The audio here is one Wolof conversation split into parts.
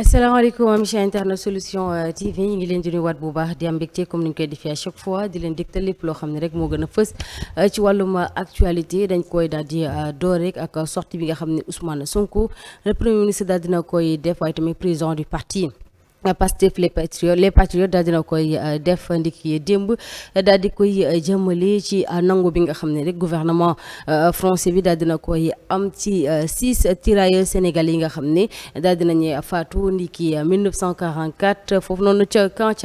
asalaamaaleykum monsieur internet solution euh, TV ñu ngi leen di nuyuwaat bu baax di am mbégte comme ni ñu koy defee à chaque fois di leen dégtal lépp loo xam ne rek moo gën a fës euh, ci wàllum euh, actualité dañ koy daal di door rek ak sortie bi nga xam ne Ousmane Sonko le premier ministre daal dina koy def waaye tamit président du parti. Pastef les patriotes les patriotes daal dina koy euh, def ndiki démb daal di koy euh, jëmale ci euh, nangu bi nga xam ne rek gouvernement français bi daal dina koy am ci six tirailleurs sénégalais yi nga xam ne daal dinañu faatu ndiki 1944 foofu noonu ca Camp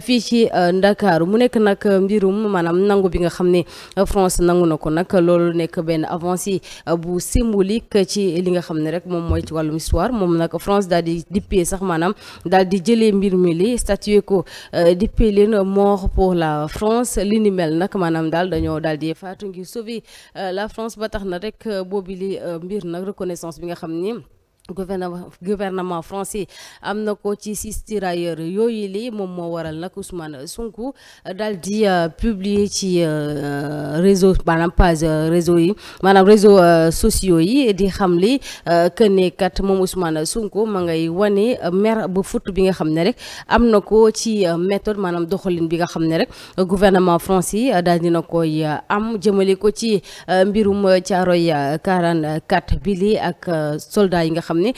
fii ci Ndakaaru mu nekk nag mbirum maanaam nangu bi nga xam ne France nangu na ko nag loolu nekk benn avancée bu symbolique ci li nga xam ne rek moom mooy ci wàllum histoire moom nag France daal di dippee sax maanaam daal di jëlee mbir mi li statué ko euh, dippee leen mort pour la France li ni mel nag maanaam daal dañoo daal di faatu ngir sauver euh, la France ba tax na rek euh, boobi li mbir nag reconnaissance bi nga xam ni gouvernement gouvernement français am na ko ci six yooyu lii moom moo waral nag Ousmane Sonko daal di euh, publier ci euh, réseau maanaam page euh, réseau yi maanaam réseau sociaux yi di xam li que ne kat moom Ousmane Sonko ma ngay wane mer ba fut bi nga xam ne rek am na ko ci méthode maanaam doxalin bi nga xam ne rek gouvernement yi daal na koy am jëmale ko ci mbirum Thiaroye 44 bi li ak soldat yi nga xam xam ne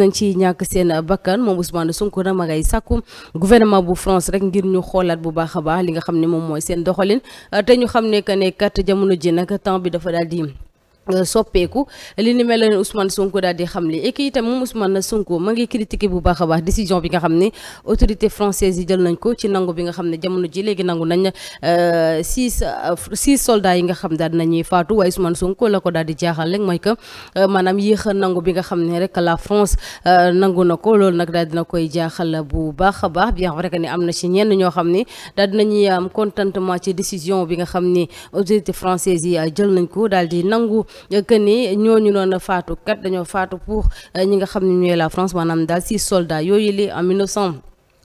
nañ ci ñàkk seen bakkan moom Ousmane Sonko ma ngay sàkku gouvernement bu France rek ngir ñu xoolaat bu baax a baax li nga xam ne moom mooy seen doxalin te ñu xam ne que ne kat jamono ji nag temps bi dafa daal di Euh, soppeeku li ni mel ne Ousmane Sonko daal di xam li et que itam moom Ousmane Sonko ma ngi critiqué bu baax a baax décision bi nga xam ne autorité française yi jël nañ ko ci nangu bi nga xam ne jamono ji léegi nangu nañ euh, six euh, six soldats yi nga xam daal nañuy faatu waaye Ousmane Sonko la ko daal di rek mooy que maanaam yéex a nangu bi nga xam ne rek la France nangu na ko loolu nag daal dina koy jaaxal bu baax a baax bien vrai que ni am na ci ñenn ñoo xam ne daal dinañuy am contentement ci décision bi nga xam ni autorité française yi jël nañ ko daal di nangu Euh, que ni ñu noonu faatu kat dañoo faatu pour euh, ñi nga xam ni ñooy la France maanaam daal six soldats yooyu li en 1900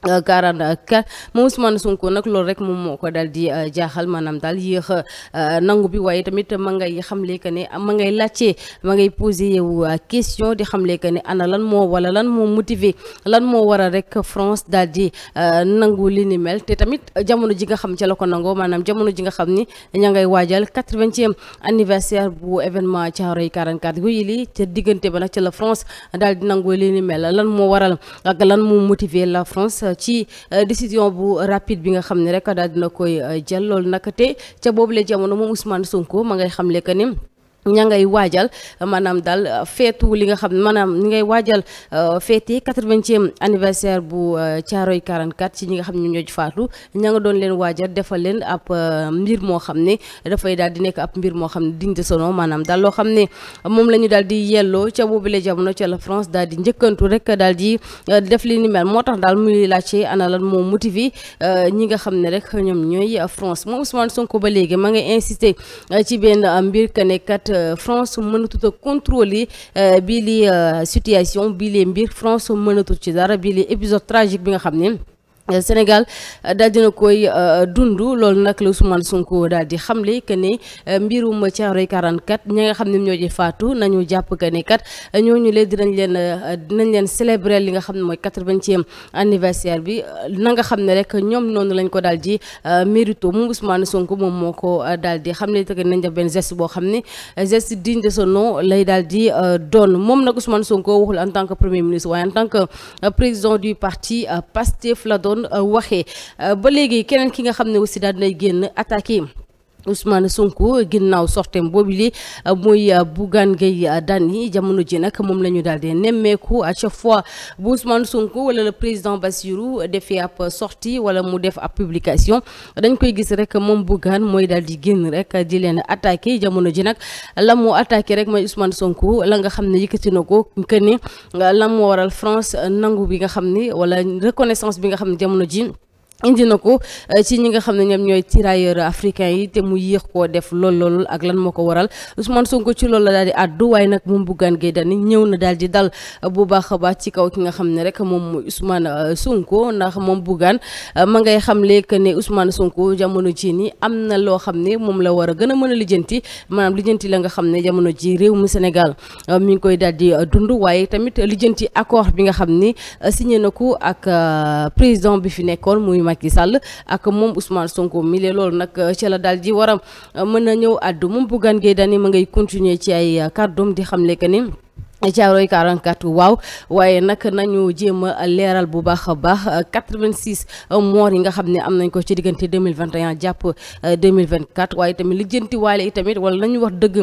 44 moom Ousmane Sonko nag loolu rek moom moo ko daal di euh, jaaxal maanaam daal yéex euh, nangu bi waaye tamit ma ngay xamle que ne ma ngay laajte ma ngay posé yow euh, question di xamle que ne ana lan moo wala lan moo motivé lan moo waral rek France daal di nangu li ni mel te tamit jamono ji nga xam ci la ko nangoo maanaam jamono ji nga xam ni ña ngay waajal 80e anniversaire bu événement Thiaroye 44 guy lii ca diggante ba nag ci la France daal di lan moo waral ak lan moo motivé la France. ci euh, décision bu rapide bi nga xam ne rek daal dina koy euh, jël loolu nag te ca boobu jamono moom Ousmane Sonko ma ngay xamle que ni ña ngay waajal maanaam daal euh, feetu li nga xam ne maanaam ñu ngay waajal euh, feete quatre-vingtième anniversaire bu euh, Thiaroye 44 ci ñi nga xam ne ñoo faatu ña nga doon leen waajal defal leen mbir moo xam ne dafay daal di nekk ab mbir moo xam ne digne de son maanaam daal loo xam ne moom la ñu daal di yelloo ca boobule jamono ca la France daal di njëkkantu rek daal di def li ni mel moo tax daal muy laajte ana lan moo motivé ñi nga xam ne rek ñoom ñooy France moom Ousmane Sonko ba léegi ma ngay insister ci benn mbir que ne France mënatut a contrôler euh, bii li euh, situation bii lee mbir France mënatut ci dara bii li épisode tragique bi nga xam ne Sénégal euh, daal dina koy euh, dund loolu nag la Ousmane Sonko daal di xamle que ne euh, mbirum Thiaroye 44 ñi ne ñoo ci faatu nañu jàpp que ne kat ñooñu lee dinañ leen dinañ leen célébrer li nga xam ne mooy quatre-vingtième anniversaire bi na nga xam ne rek ñoom noonu lañ ko daal di mérito moom Ousmane Sonko moom moo ko daal di xamle que nañ def benn geste boo xam ne geste digne de son nom lay daal di moom nag Ousmane Sonko waxul en tant que premier ministre waaye en tant que président du parti Pastef la doon. doon waxee ba léegi keneen ki nga xam ne aussi daal dinay génn attaqué Ousmane Sonko ginnaaw sortem boobu li euh, muy euh, Bougane Gueye euh, Dany jamono ji nag moom la ñu daal di nemmeeku à chaque fois bu Ousmane Sonko wala le président Bassirou defee ab sortie wala mu def ab publication dañ koy gis rek moom Bougane mooy daal di génn rek di leen attaqué jamono ji nag la mu attaqué rek mooy Ousmane Sonko la nga xam ne yëkkati na ko que ni la mu waral France nangu bi nga xam ne wala reconnaissance bi nga xam ne jamono ji indi na ko eh, ci ñi nga xam ne ñoom ñooy tirailleurs africains yi te mu yéex koo def lool loolul ak lan moo ko waral Ousmane Sonko ci loolu la daal di àddu waaye nag moom Bougane Gueye Dany ñëw na daal di dal bu baax a baax ci kaw ki nga xam ne rek moom mooy Ousmane eh, Sonko ndax moom Bougane eh, ma ngay xamle que ne Ousmane Sonko jamono ji nii am na loo xam ne moom la war a gën a mën a lijjanti maanaam lijjanti la nga xam ne jamono ji réew mu Sénégal mi ngi koy daal di dund waaye tamit lijjanti accord bi nga xam ni siñe na ko ak président bi fi nekkoon muy. Macky Sall ak moom Ousmane Sonko mi lee loolu nag euh, ci la daal ji a euh, mën a ñëw àddu moom Bougane Gueye Dany ma ngay continuer ci ay euh, kàddoom di xamle que ni Caaroy 44 waaw waaye nag nañu jéem a leeral bu baax a baax 86 moor yi nga xam ne am nañ ko ci diggante 2021 jàpp 2024 euh, waaye tamit lijjanti waale itamit wala nañu wax dëgg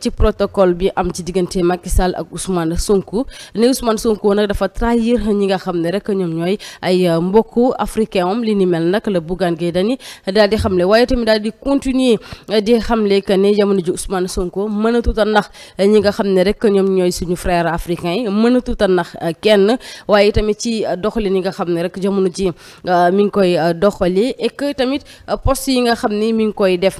ci protocole bi am ci diggante Macky Sall ak Ousmane Sonko ne Ousmane Sonko nag dafa trahir ñi nga xam ne rek ñoom ñooy ay euh, mbokk africain am li ni mel nag la Bougane Gueye Dany daal di xamle waaye tamit daal di continuer euh, di xamle que ne jamono ji Ousmane Sonko mën a tuuta ndax ñi nga xam ne rek ñoom ñooy suñu frère africain yi mënatut a nax euh, kenn waaye tamit ci euh, doxalin yi nga xam ne rek jamono ji euh, mi ngi koy doxali et tamit poste yi nga xam ni mi ngi koy def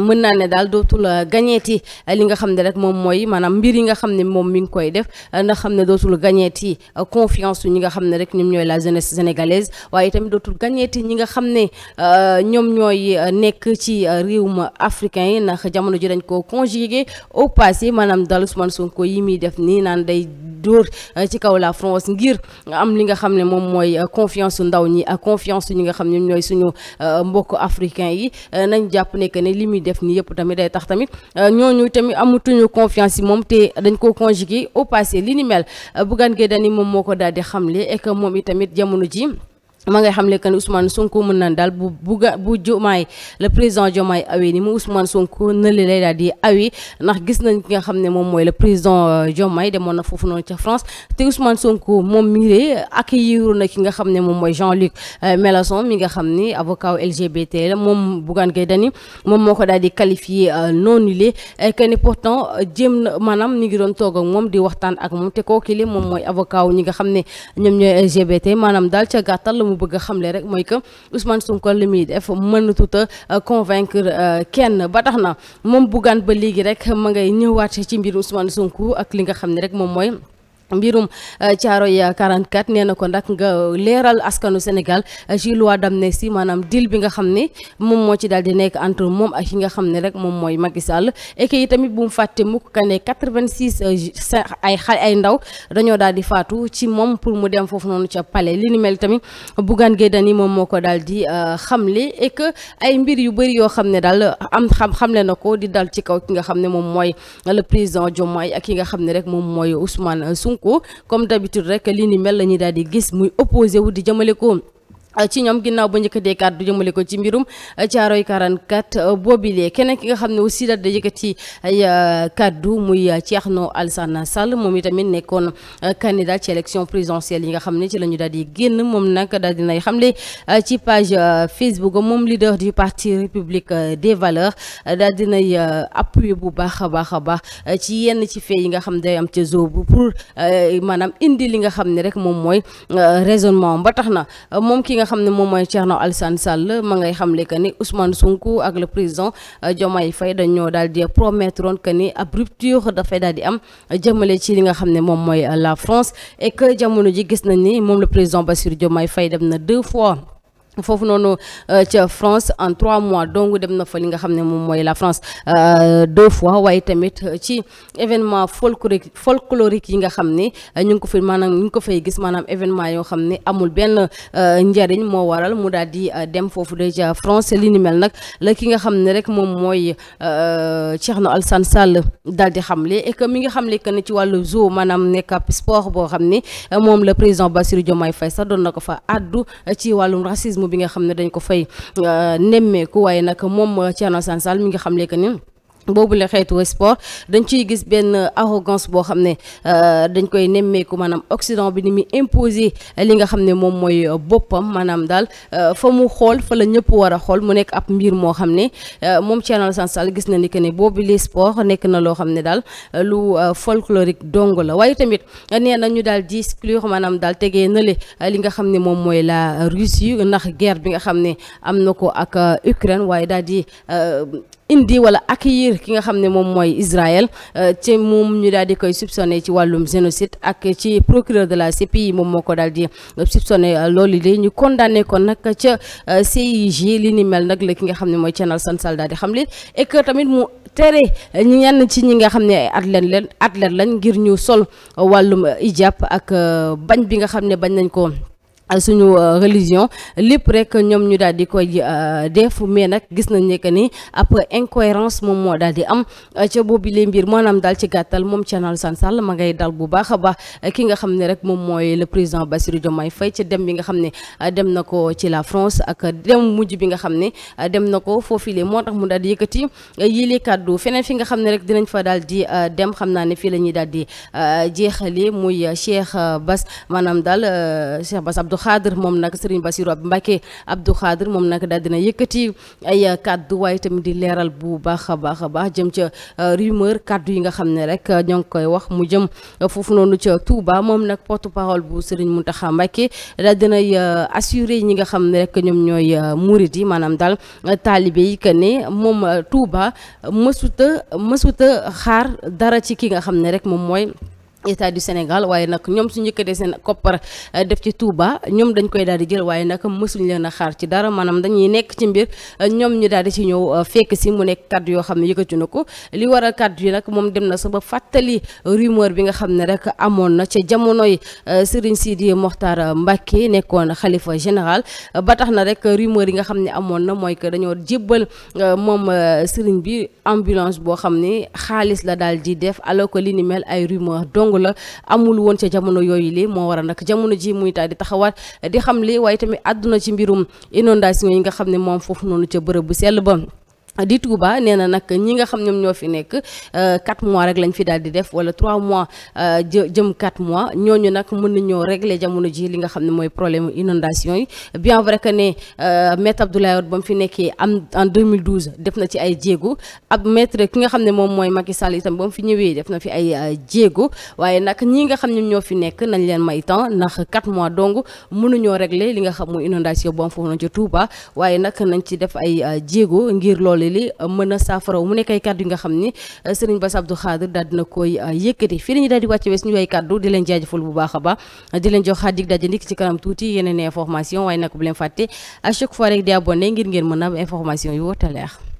mën naa ne daal dootul euh, gañeeti euh, li nga xam ne rek moom mooy maanaam mbir yi nga xam ne moom mi ngi koy def euh, ndax xam ne dootul gañeeti confiance yu ñi nga xam ne rek ñoom ñooy la jeunesse sénégalaise waaye tamit dootul gañeeti ñi nga xam ne ñoom ñooy nekk ci réewum africain yi ndax jamono ji dañ koo conjugué au passé maanaam daal Ousmane Sonko yi muy def nii naan day dóor ci kaw la France ngir am li nga xam ne moom mooy confiance ndaw ñi ak confiance ñi nga xam ne ñooy suñu mbokk africain yi nañ jàpp ne ne li def ni yëpp tamit day tax tamit euh, ñooñu tamit amatuñu confiance yi moom te dañ ko conjugué au passé li ni mel euh, Bougane Gueye Dany moom moo ko daal di xamle et que moom itamit jamono ji ma ngay ne que ni Ousmane Sonko mën naan daal bu bu ga bu Diomaye le président Diomaye awee ni mu Ousmane Sonko nële lay daal di awi ndax gis nañ ki nga xam ne moom mooy le président euh, Diomaye demoon na foofu noonu ca France te Ousmane Sonko moom miiree accueillir na ki nga xam ne moom mooy Jean-Luc euh, Mélenchon mi nga xam ni avocat LGBT la moom Bougane Gueye Dany moom moo ko daal di qualifié euh, non nulé que ni pourtant jéem na maanaam mi ngi doon toog ak moom di waxtaan ak moom te kooku li moom mooy avocat ñi nga xam ne ñoom ñooy LGBT maanaam daal ca gàttal. mu bëgg a xamle rek mooy que Ousmane Sonko li muy def mënatut a euh, convaincre euh, kenn ba tax na moom Bougane ba léegi rek ma ngay ñëwaat ci mbir Ousmane Sonko ak li nga xam ne rek moom mooy mbirum euh, Thiaroye 44 nee na ko nag nga leeral askanu Sénégal euh, ci loi d'amnistie maanaam deal bi nga xam ne moom moo ci daal di nekk entre moom ak yi nga xam ne rek moom mooy Macky Sall et que tamit bu mu fàtte mukk ka ne 86 euh, ay xale ay ndaw dañoo daal di faatu ci moom pour mu dem foofu noonu ca pale li ni mel tamit Bougane Gueye Dany moom moo ko daal di xamle et que ay mbir yu bëri yoo xam ne daal am xam xamle na ko di dal ci kaw ki nga xam ne moom mooy le président Diomaye ak ki nga xam ne rek moom mooy Ousmane Sonko Sonko comme d'habitude rek li ni mel na ñuy daal di gis muy opposé wu di jëmale ko Euh, ci ñoom ginnaaw ba njëkkatee kàddu jëmale ko ci mbirum euh, caaroy 44 euh, boobilee keneen ki nga xam ne aussi daal da yëkkati ay kàddu muy Thierno Alassane Sall moom itamit nekkoon candidat ci élection présidentielle yi nga xam ne ci la ñu daal di génn moom nag daal dinay xamle ci page Facebook moom leader du parti République des valeurs daal dinay appuyer bu baax a baax a baax ci yenn ci fee yi nga xam day am ca zobu pour maanaam indi li nga xam ni rek moom mooy raisonnement ba tax na nga xam ne moom mooy Thierno Alassane Sall ma ngay xamle que ni Ousmane Sonko ak le président euh, Diomaye Faye dañoo daal di promettroon que ni ab rupture dafay daal di am jëmale ci li nga xam ne moom mooy euh, la France et jamono ji gis nañ ni moom le président Bassirou Diomaye fay dem na deux fois. foofu noonu euh, ca France en trois mois donc dem na fa li nga xam ne moom mooy la France euh, deux fois waaye tamit euh, ci événement folklorique folklorique yi nga xam ne ñu ngi ko fi maanaam ñu ngi ko fay gis maanaam événement yoo xam ne amul benn njariñ moo waral mu daal di dem foofu de ca France li ni nag la ki nga xam ne rek moom mooy Thierno Alassane Sall daal di xam et que mi nga xamle que ni ci wàllu zoo maanaam nekk ab sport boo xam ni moom la président Bassirou Diomaye Faye sax doon na ko fa addu ci bi nga xam ne dañ ko fay euh, nemmeeku waaye nag moom Thierno Alassane sal mi nga xam le que ni boobu la xeetu sport dañ ci gis benn arrogance boo xam ne euh, dañ koy nemmeeku maanaam Occident bi ni muy imposer li nga xam ne moom mooy boppam maanaam daal euh, fa mu xool fa la ñëpp war a xool mu nekk ab mbir moo xam ne euh, moom Thierno Alassane gis na ni que ne boobu li sport nekk na loo xam ne daal lu folklorique dong la waaye tamit nee na ñu daal di exclure daal tegee na li nga xam ne moom mooy la Russie ndax guerre bi nga xam ne am na ko ak Ukraine waaye daal di indi wala accueillir ki nga xam ne moom mooy Israël euh, ci moom ñu daal di koy soupçonné ci wàllum génocide ak ci procureur de la CPI moom moo ko daal di euh, soupçonné euh, loolu de ñu condamné ko nag ca CIG li ni mel nag la ki nga xam ne mooy Thional Sansal daal di xam li et que tamit mu tere ñi ñenn ci ñi nga xam ne ay athlète leen athlète lañ ngir ñu sol wàllum ijab ak bañ bi nga xam ne bañ nañ ko suñu euh, religion lépp rek ñoom ñu daal di koy euh, def mais nag gis nañ ne que ni ab incohérence moom moo daal di am euh, ca boobu lee mbir maanaam daal ci gàttal moom Thierno Alassane Sall ma ngay dal bu baax a ki nga xam ne rek moom mooy le président Bassirou Diomaye Faye ca dem bi nga xam ne dem na ko ci la France ak dem mujj bi nga xam ne dem na ko foofile moo tax mu daal di yëkkati yile kàddu feneen fi nga xam ne rek dinañ fa daal di dem xam naa ne fii la ñuy daal di jeexale muy Cheikh Bass maanaam daal Cheikh Bass Abdou Abdou moom nag Serigne Bassirou mbake Abdou Khadr moom nag daal dina yëkkati ay kàddu waaye tamit di leeral bu baax a baax a baax jëm ca euh, rumeur kàddu yi nga xam ne rek ñoo ngi koy wax mu jëm foofu noonu ca Touba moom nag porte parole bu Serigne Mountakha Mbacké daal dinay euh, assuré ñi nga xam ne rek ñoom ñooy euh, murit yi maanaam daal taalibe yi que ne moom Touba mësuta mësuta xaar dara ci ki nga xam ne rek moom mooy état du Sénégal waaye nag ñoom su njëkkatee seen koppar eh, def ci Touba ñoom dañ koy daal di jël waaye nag mësuñ leen a xaar ci dara maanaam dañuy nekk ci mbir eh, ñoom ñu daal di ci ñëw eh, fekk si mu nekk kàddu yoo xam ne yëkkati na ko li waral kàddu yi nag moom dem na sa ba fàttali rumeur bi nga xam ne rek amoon na ca jamonoy Serigne Sidi Mokhtar Mbacké nekkoon xalifa général ba tax na rek rumeur yi nga xam ne amoon na mooy que dañoo jébbal moom Serigne bi ambulance boo xam ne xaalis la daal dong la amul woon ca jamono yooyu li moo waral nag jamono ji muy daal di taxawaat di xam li waaye tamit àdduna ci mbirum inondation yi nga xam ne moom foofu noonu ca bërëb bu sell ba di Touba nee na nag ñi nga xam ñoom ñoo fi nekk 4 euh, mois rek lañ fi daal di def wala 3 mois euh, jëm 4 mois ñooñu nag mën nañoo régler jamono ji li nga xam ne mooy problème inondation yi bien vrai que ne euh, maître Abdoulaye Wade ba mu fi nekkee am en 2012 def na ci ay jéego ab maître ki nga xam ne moom mooy Macky Sall itam fi ñëwee def na fi ay jéego waaye nag ñi nga xam ñoom ñoo fi nekk nañ leen may temps ndax 4 mois dong mënuñoo régler li nga xam mooy inondation boom am foofu noonu ci Touba waaye nag nañ ci def ay jéego ngir loolu li mën a saafara mu nekk ay kàddu yi nga xam ni euh, sëriñ Bass Abdou Khadre daal dina koy euh, yëkkati fii la ñu daal di wàcce wee suñu ay kàddu di leen jaajëfal bu baax a baax di leen jox xaadik daje ndik ci kanam tuuti yeneen information waaye nag bu leen fàtte à chaque fois rek di abonné ngir ngeen mën a am information yu wóor te